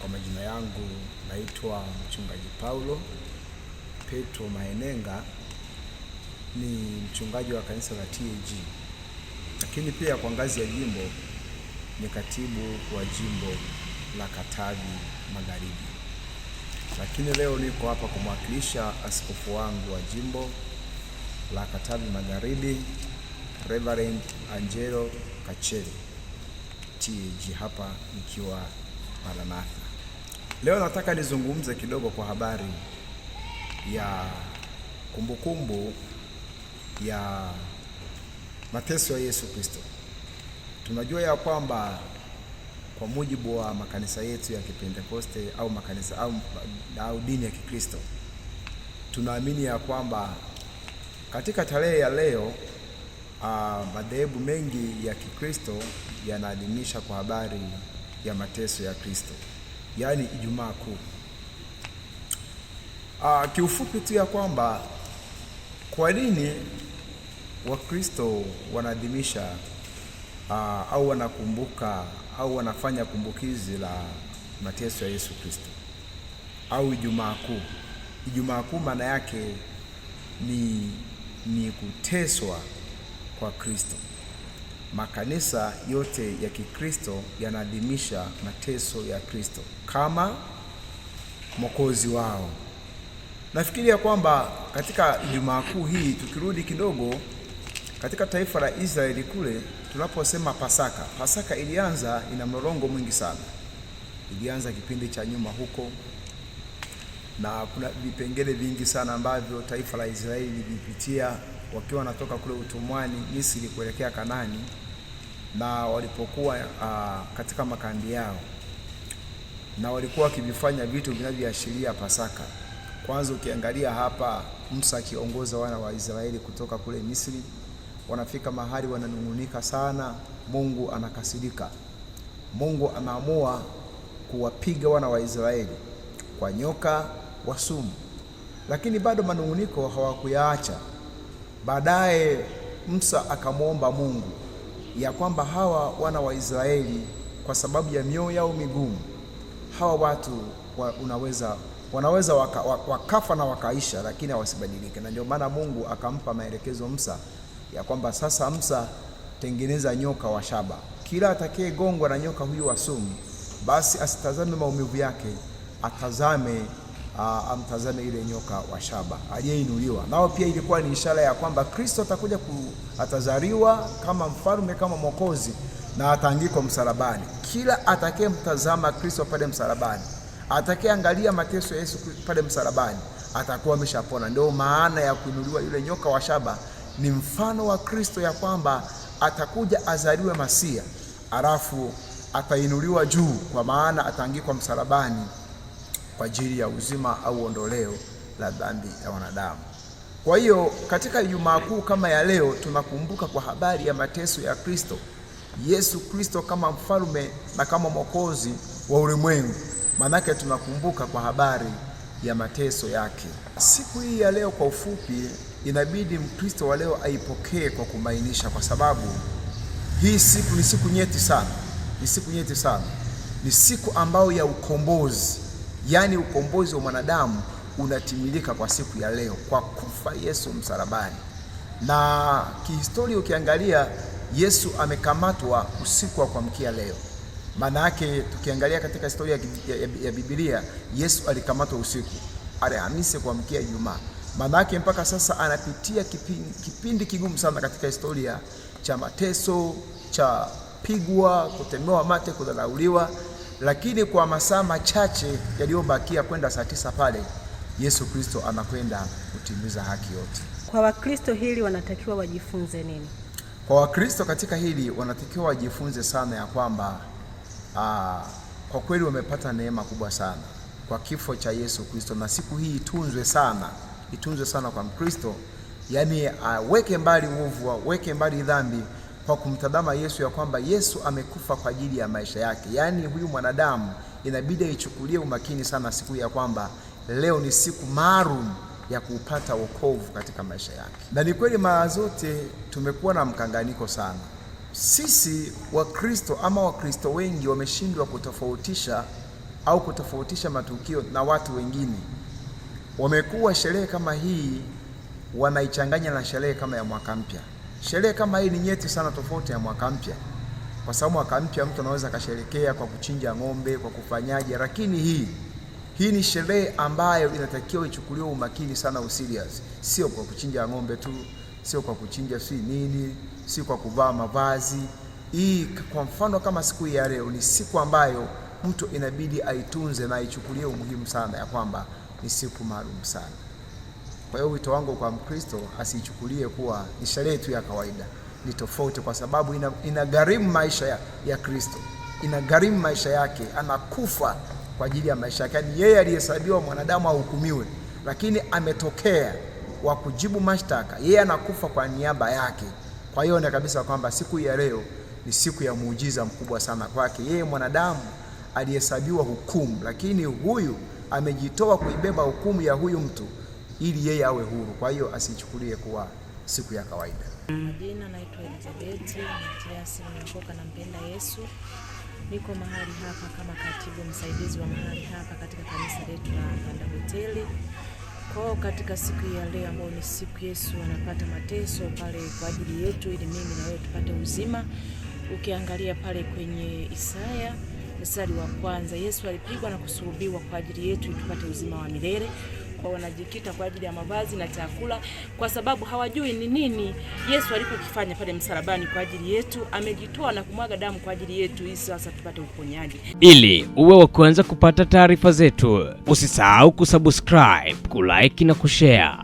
Kwa majina yangu naitwa mchungaji Paulo Petro Maenenga, ni mchungaji wa kanisa la TAG, lakini pia kwa ngazi ya jimbo ni katibu wa jimbo la Katavi Magharibi. Lakini leo niko hapa kumwakilisha askofu wangu wa jimbo la Katavi Magharibi Reverend Angelo Kacheli TAG hapa nikiwa Maranatha. Leo nataka nizungumze kidogo kwa habari ya kumbukumbu kumbu ya mateso ya Yesu Kristo. Tunajua ya kwamba kwa mujibu wa makanisa yetu ya Kipentekoste au makanisa au, au dini ya Kikristo tunaamini ya kwamba katika tarehe ya leo uh, madhehebu mengi ya Kikristo yanaadhimisha kwa habari ya mateso ya Kristo yaani Ijumaa Kuu. Ah, kiufupi tu ya kwamba kwa nini Wakristo wanaadhimisha ah, au wanakumbuka au wanafanya kumbukizi la mateso ya Yesu Kristo au Ijumaa Kuu. Ijumaa Kuu maana yake ni, ni kuteswa kwa Kristo. Makanisa yote ya Kikristo yanaadhimisha mateso ya Kristo kama mwokozi wao. Nafikiria kwamba katika Ijumaa Kuu hii tukirudi kidogo katika taifa la Israeli kule, tunaposema Pasaka, Pasaka ilianza, ina mlolongo mwingi sana. Ilianza kipindi cha nyuma huko, na kuna vipengele vingi sana ambavyo taifa la Israeli lilipitia wakiwa wanatoka kule utumwani Misri kuelekea Kanani, na walipokuwa uh, katika makambi yao, na walikuwa wakivifanya vitu vinavyoashiria Pasaka. Kwanza ukiangalia hapa, Musa akiongoza wana wa Israeli kutoka kule Misri, wanafika mahali wananung'unika sana, Mungu anakasirika. Mungu anaamua kuwapiga wana wa Israeli kwa nyoka wa sumu, lakini bado manung'uniko hawakuyaacha. Baadaye Musa akamwomba Mungu ya kwamba hawa wana wa Israeli kwa sababu ya mioyo yao migumu hawa watu wa unaweza wanaweza waka, wakafa na wakaisha, lakini hawasibadilike. Na ndio maana Mungu akampa maelekezo Musa ya kwamba sasa, Musa, tengeneza nyoka wa shaba, kila gongwa na nyoka huyu wa sumu, basi asitazame maumivu yake, atazame Ah, amtazame ile nyoka wa shaba aliyeinuliwa. Nao pia ilikuwa ni ishara ya kwamba Kristo atakuja ku, atazaliwa kama mfalme, kama mwokozi na ataangikwa msalabani. Kila atakayemtazama Kristo pale msalabani, atakayeangalia mateso ya Yesu pale msalabani, atakuwa ameshapona. Ndio maana ya kuinuliwa yule nyoka wa shaba, ni mfano wa Kristo ya kwamba atakuja azaliwe Masia, alafu atainuliwa juu, kwa maana ataangikwa msalabani kwa ajili ya uzima au ondoleo la dhambi ya wanadamu. Kwa hiyo katika Ijumaa Kuu kama ya leo tunakumbuka kwa habari ya mateso ya Kristo, Yesu Kristo kama mfalme na kama mwokozi wa ulimwengu. Maanake tunakumbuka kwa habari ya mateso yake. Siku hii ya leo, kwa ufupi, inabidi Mkristo wa leo aipokee kwa kumainisha, kwa sababu hii siku ni siku nyeti sana, ni siku nyeti sana, ni siku ambayo ya ukombozi yaani ukombozi wa mwanadamu unatimilika kwa siku ya leo kwa kufa Yesu msalabani. Na kihistoria ukiangalia, Yesu amekamatwa usiku wa kuamkia leo. Maana yake tukiangalia katika historia ya, ya, ya Biblia, Yesu alikamatwa usiku Alhamisi kuamkia Ijumaa. Maana yake mpaka sasa anapitia kipindi, kipindi kigumu sana katika historia cha mateso, cha pigwa, kutemewa mate, kudharauliwa lakini kwa masaa machache yaliyobakia kwenda saa tisa pale Yesu Kristo anakwenda kutimiza haki yote. Kwa Wakristo hili wanatakiwa wajifunze nini? Kwa Wakristo katika hili wanatakiwa wajifunze sana ya kwamba aa, ah, kwa kweli wamepata neema kubwa sana kwa kifo cha Yesu Kristo, na siku hii itunzwe sana, itunzwe sana kwa Mkristo, yaani aweke ah, mbali uovu, aweke mbali dhambi kwa kumtazama Yesu ya kwamba Yesu amekufa kwa ajili ya maisha yake. Yaani huyu mwanadamu inabidi aichukulie umakini sana siku ya kwamba leo ni siku maalum ya kuupata wokovu katika maisha yake. Na ni kweli mara zote tumekuwa na mkanganyiko sana. Sisi Wakristo ama Wakristo wengi wameshindwa kutofautisha au kutofautisha matukio na watu wengine. Wamekuwa sherehe kama hii wanaichanganya na sherehe kama ya mwaka mpya. Sherehe kama hii ni nyeti sana, tofauti ya mwaka mpya, kwa sababu mwaka mpya mtu anaweza akasherekea kwa kuchinja ng'ombe, kwa kufanyaje, lakini hii hii ni sherehe ambayo inatakiwa ichukuliwe umakini sana, usilias sio kwa kuchinja ng'ombe tu, sio kwa kuchinja si nini, si kwa kuvaa mavazi. Hii kwa mfano kama siku hii ya leo ni siku ambayo mtu inabidi aitunze na aichukulie umuhimu sana, ya kwamba ni siku maalum sana. Kwa hiyo wito wangu kwa Mkristo asiichukulie kuwa ni sherehe tu ya kawaida, ni tofauti kwa sababu ina, garimu maisha ya, ya Kristo, garimu maisha yake, anakufa kwa ajili ya maisha yake. yani yeye aliyehesabiwa mwanadamu ahukumiwe, lakini ametokea wa kujibu mashtaka, yeye anakufa kwa niaba yake. Kwa hiyo na kabisa kwamba siku ya leo ni siku ya muujiza mkubwa sana kwake yeye, mwanadamu aliyehesabiwa hukumu, lakini huyu amejitoa kuibeba hukumu ya huyu mtu ili yeye awe huru. Kwa hiyo asichukulie kuwa siku ya kawaida. Majina naitwa Elizabeth Matiasi, nimeokoka na mpenda Yesu. Niko mahali hapa kama katibu msaidizi wa mahali hapa katika kanisa letu la Banda Bandagoteli. Kwa katika siku ya leo ambayo ni siku Yesu anapata mateso pale kwa ajili yetu, ili mimi na wewe tupate uzima. Ukiangalia pale kwenye Isaya mstari wa kwanza, Yesu alipigwa na kusulubiwa kwa ajili yetu ili tupate uzima wa milele kwa wanajikita kwa ajili ya mavazi na chakula, kwa sababu hawajui ni nini Yesu alipokifanya pale msalabani kwa ajili yetu. Amejitoa na kumwaga damu kwa ajili yetu ili sasa tupate uponyaji. Ili uwe wa kuanza kupata taarifa zetu, usisahau kusubscribe, kulike na kushare.